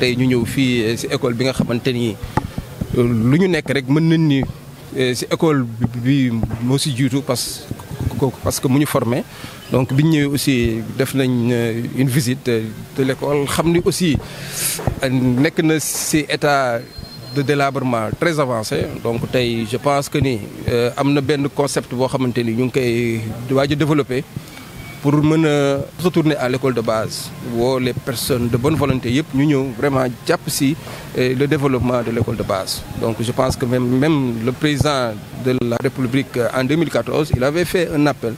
tey ñu ñëw fii eh, si école bi nga xamante ni lu ñu nekk rek mën nañ ni eh, si école bi moo ci jiitu parce que parce que mu ñu formé donc bi ñëwee aussi def nañ eh, une visite de l'école xam ni aussi nekk na si état. de délabrement très avancé donc je pense que ni euh, avons bien concept bo xamanteni pour retourner à l'école de base wo les personnes de bonne volonté nous ñu vraiment japp euh, le développement de l'école de base donc je pense que même même le président de la République euh, en 2014 il avait fait un appel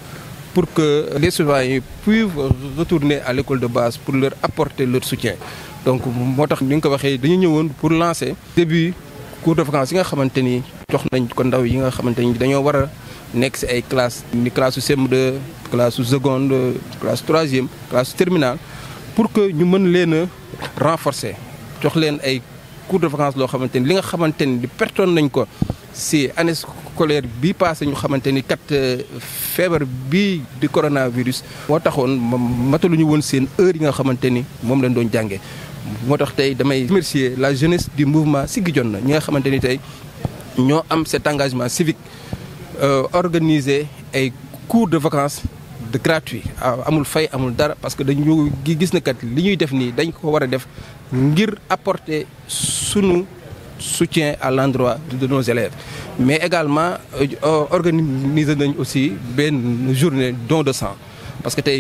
pour que les surveillants puissent retourner à l'école de base pour leur apporter leur soutien. Donc, nous avons ni nga ko dañu pour lancer début cours de vacances yi nga xamante ni jox nañ ko ndaw yi nga xamante ni dañoo war ay classes ni classe de cm classe su seconde classe troisième classe terminale pour que nous puissions leen renforcer jox leen ay cours de vacances loo xamante ni li nga xamante di pertoon nañ ko scolaire bi passé ñu xamanteni kat euh, fièvre bi di coronavirus. mo taxone matalu ñu won seen heure yi nga xamanteni mom lañ doon jàngé moo tax tey damay remercier la jeunesse du mouvement Siggi Jotna ñi nga xamanteni tay tey ñoo am cet engagement civique euh, organiser ay cours de vacances. de gratuit ah, amul fay amul dara parce que dañu gis na kat li ñuy def ni dañ ko wara def ngir apporter sunu soutien à l'endroit de nos élèves. Mais également, euh, organiser aussi une journée don de sang. Parce que tu as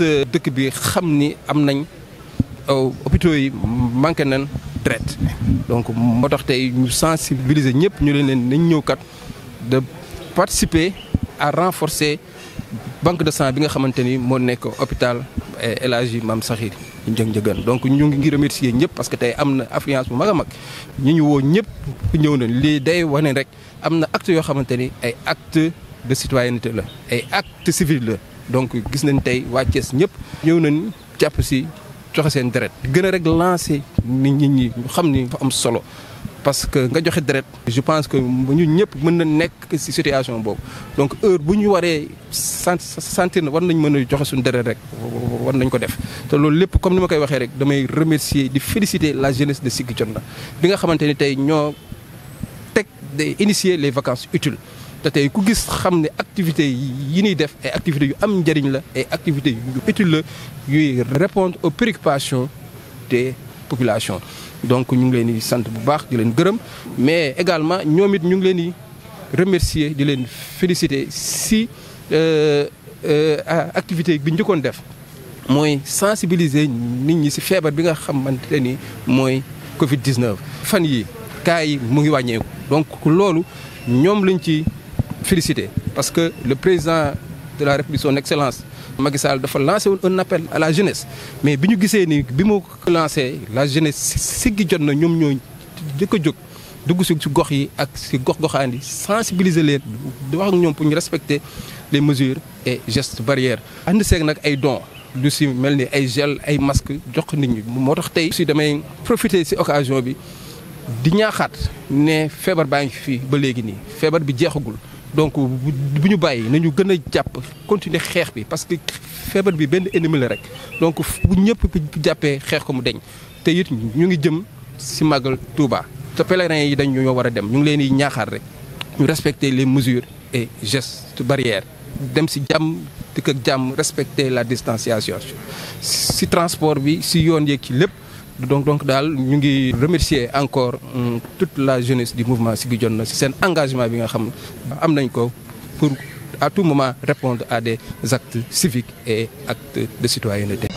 euh, dëkk bi xam euh, hôpitaux yi traite donc nous tax sensibiliser de participer à renforcer banque de sang qui nga xamante mon hôpital Eh, El Hadji Mame Sakhir ndieng donc ñu ngi remercier ñëpp parce que tey am na affluence bu mag a mag ñu ñu woo ñëpp ñëw nañ lii day wane rek am na acte yoo xamante ni ay acte de citoyenneté la ay acte civil la donc gis nañ tey waa Thiès ñëpp ñëw nañ jàpp si joxe seen deret gën a rek lancer nit ñi ñu xam ni fa am solo parce que nga joxe deret je pense que ñun ñëpp mën na nekk si situation boobu donc heure bu ñu waree sant sentir war nañ mëna joxe suñu deret rek war nañ ko def té loolu lépp comme ni ma koy waxé rek damay remercier di féliciter la jeunesse de Ziguinchor bi nga xamante ni tey ñoo teg de initier les vacances utiles té tay ku gis xam ne activités yi ñuy def ay activité yu am njëriñ la ay activité yu utile la yu répondre aux préoccupations des populations donc ñu ngi leen di sant bu baax di leen gërëm mais également ñoom it ñu ngi leen di remercier di leen féliciter si euh, euh, activité bi ñu avons def sensibiliser nit ñi ci feebar bi Covid 19. fan yi cas donc nous, nous félicité parce que le président de la République son excellence. Macky Sall lancé un appel à la jeunesse mais si nous avons ni la jeunesse c'est ce qui nous a fait dugg si si gox yi ak si gox-goxaan yi sensibiliser leen di wax ak ñoom pour ñu respecter les mesures et gestes barrières. ànd seeg nag ay dons lu si mel ni ay gel ay masque jox nit ñi moo tax tey. si damay profiter si occasion bi di ñaaxaat ne feebar baa ngi fii ba léegi nii feebar bi jeexagul. donc bu ñu bàyyi nañu gën a jàpp continuer xeex bi parce que feebar bi benn ennemi la rek donc bu ñëpp jàppee xeex ko mu deñ te it ñu ngi jëm si màggal Touba. Nous pèlerins yi respecter les mesures et gestes barrières dem si respecter la distanciation si transport bi si yoon yeeg ci donc donc remercier encore hum, toute la jeunesse du mouvement C'est un engagement bi nga xam pour à tout moment répondre à des actes civiques et actes de citoyenneté